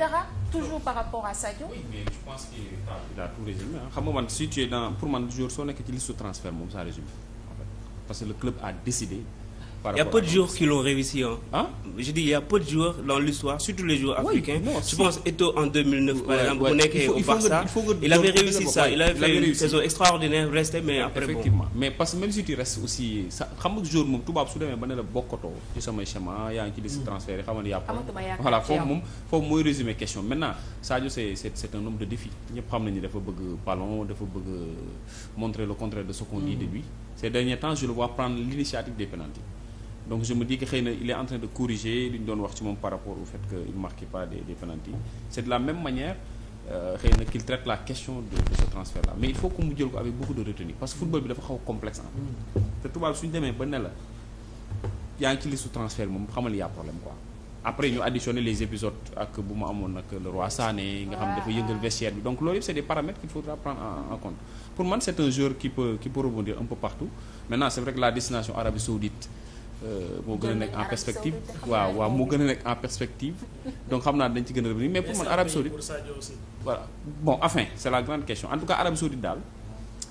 Aïdara toujours par rapport à Sadio. oui mais je pense que il a tout résumé xam nga man si tu es dans pour man toujours soo nekk ci liste transfert moom ça résume en fait parce que le club a décidé. par rapport à. Il y de joueurs qui réussi. Hein. Je dis, il y de joueurs dans l'histoire, surtout les joueurs oui, africains. Non, pense Eto en par exemple, ouais, ouais. il, faut, il, que, il, faut que il avait saison extraordinaire, resté, mais après. Mais parce que même si tu restes aussi, xam nga jour moom tubaab su demee ba ne la bokkatoo ci samay schéma yaa ngi ci liste mm. transfert yi xam nga yàpp. voilà moom foofu mooy résumé question maintenant Sadio c'est c'est un homme de défi donc je me dis que xëy na il est en train de corriger li ñu doon wax ci moom par rapport au fait que il marque pas des penalty c'est de la même manière euh, xëy na qu'il traite la question de de ce transfert mais il faut que mu jël ko avec beaucoup de retenue parce que football bi dafa xaw complexe en mm. te tubaab suñu demee ba ne yaa ngi ci listu moom xamal y a problème quoi après ñu additionner les épisodes ak bu mu amoon nag le roi Sané nga xam dafa yëngal vestiaire bi donc loolu yëpp Euh, moo gën a nekk en perspective waaw waaw moo gën a nekk en perspective donc xam naa dañ ci gën a revenir mais pour man Arabie Saoudite voilà bon enfin c'est la grande question en tout cas daal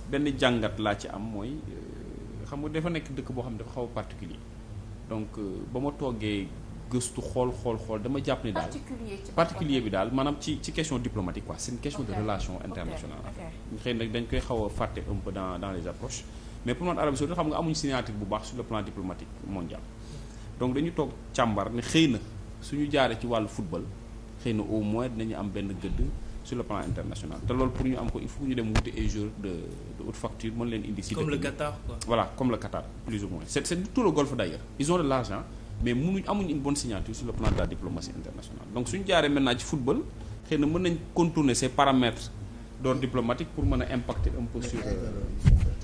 benn jàngat laa ci am mooy euh, xam nga dafa nekk dëkk boo xam ne dafa xaw a particulier donc euh, ba ma toogee gëstu xool xool xool dama jàpp ni daal particulier bi daal maanaam ci ci question diplomatique quoi c'est une question de relation internationale en fait dañ koy xaw a fàtte un dans dans les approches mais pour man Arabie Saoudite xam nga amuñu signature bu baax sur le plan diplomatique mondial donc dañu toog càmbar ne xëy na suñu jaaree ci wàll football xëy na au moins dinañu am benn gëdd sur le plan international te lool pour ñu am ko il faut ñu dem wuti ay joueurs de de haute facture mën leen indi. si comme le Qatar plus ou moins c' est c' est tout le golfe d' ailleurs ils ont de l' argent mais mënuñ amuñ une signature sur le plan de diplomatie internationale na mën nañ contourner ces paramètres d'ordre diplomatique pour mën a impacter un